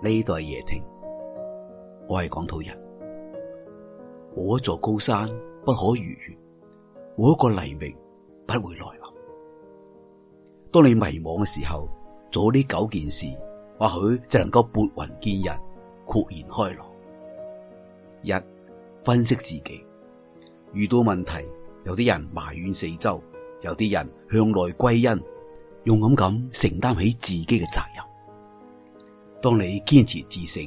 呢度係夜聽，我係港土人。冇一座高山不可逾越，冇一個黎明不會來臨。當你迷惘嘅時候，做呢九件事，或許就能夠撥雲見日，豁然開朗。一、分析自己。遇到問題，有啲人埋怨四周，有啲人向內歸因，勇敢咁承擔起自己嘅責任。當你堅持自省，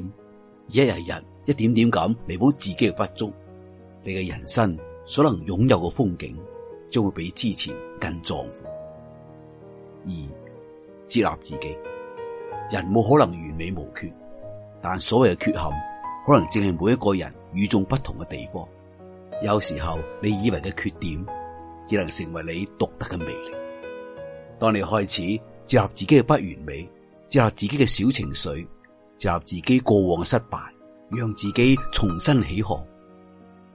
一日日、一點點咁彌補自己嘅不足，你嘅人生所能擁有嘅風景，將會比之前更壯闊。二、接納自己，人冇可能完美無缺，但所謂嘅缺陷，可能正係每一個人與眾不同嘅地方。有時候你以為嘅缺點，亦能成為你獨特嘅魅力。當你開始接納自己嘅不完美。接納自,自己嘅小情緒，接納自己過往嘅失敗，讓自己重新起航，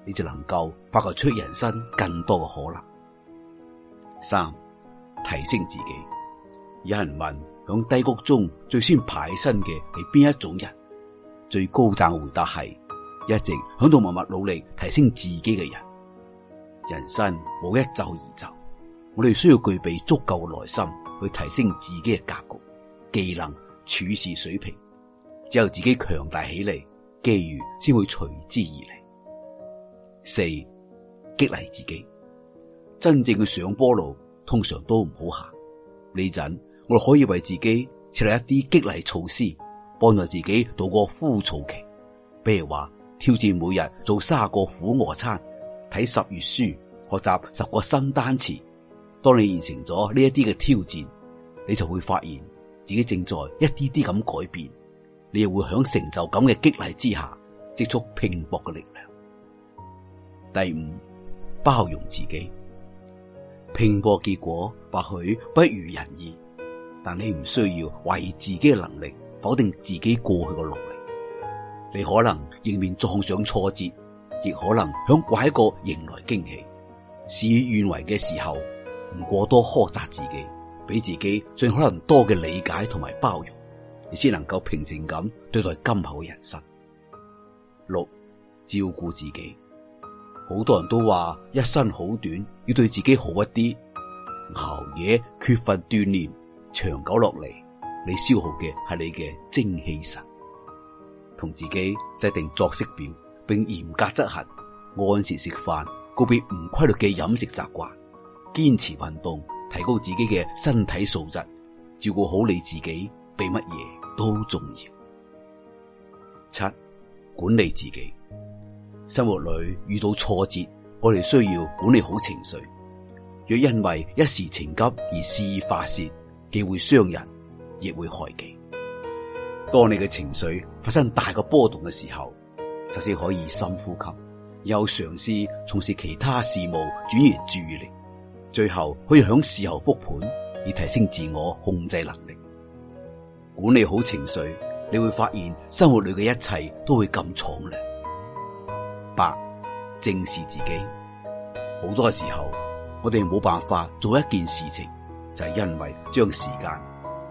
你就能夠發掘出人生更多嘅可能。三，提升自己。有人問響低谷中最先爬起身嘅係邊一種人？最高讚嘅回答係一直響度默默努力提升自己嘅人。人生冇一蹴而就，我哋需要具備足夠嘅耐心去提升自己嘅格局。技能處事水平，只有自己強大起嚟，機遇先會隨之而嚟。四激勵自己，真正嘅上坡路通常都唔好行。呢陣我哋可以為自己設立一啲激勵措施，幫助自己度過枯燥期。比如話挑戰每日做卅個俯臥撐，睇十本書，學習十個新單詞。當你完成咗呢一啲嘅挑戰，你就會發現。自己正在一啲啲咁改變，你又會響成就感嘅激勵之下，積蓄拼搏嘅力量。第五，包容自己。拼搏結果或許不如人意，但你唔需要懷疑自己嘅能力，否定自己過去嘅努力。你可能迎面撞上挫折，亦可能響拐角迎來驚喜。事與願違嘅時候，唔過多苛責自己。俾自己盡可能多嘅理解同埋包容，你先能夠平靜咁對待今後嘅人生。六、照顧自己，好多人都話一生好短，要對自己好一啲。熬夜缺乏鍛煉，長久落嚟，你消耗嘅係你嘅精氣神。同自己制定作息表，並嚴格執行，按時食飯，告別唔規律嘅飲食習慣，堅持運動。提高自己嘅身體素質，照顧好你自己，比乜嘢都重要。七、管理自己，生活裏遇到挫折，我哋需要管理好情緒。若因為一時情急而肆意發泄，既會傷人，亦會害己。當你嘅情緒發生大嘅波動嘅時候，首先可以深呼吸，又嘗試從事其他事務，轉移注意力。最後可以響事後復盤，以提升自我控制能力，管理好情緒。你會發現生活裏嘅一切都會咁敞亮。八、正視自己，好多嘅時候我哋冇辦法做一件事情，就係因為將時間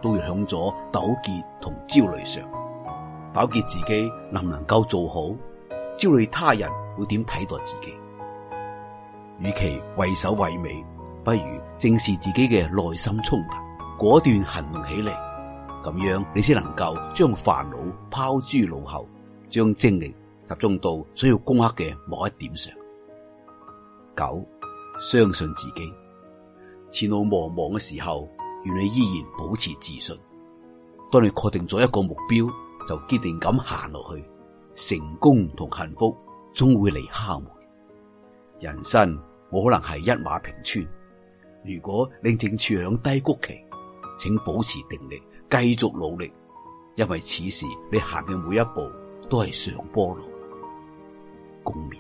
都用響咗糾結同焦慮上。糾結自己能唔能夠做好，焦慮他人會點睇待自己。與其畏首畏尾，不如正視自己嘅內心衝突，果斷行動起嚟，咁樣你先能夠將煩惱拋諸腦後，將精力集中到需要攻克嘅某一點上。九，相信自己，前路茫茫嘅時候，願你依然保持自信。當你確定咗一個目標，就堅定咁行落去，成功同幸福終會嚟敲門。人生冇可能係一馬平川。如果你正處響低谷期，請保持定力，繼續努力，因為此時你行嘅每一步都係上坡路，共勉。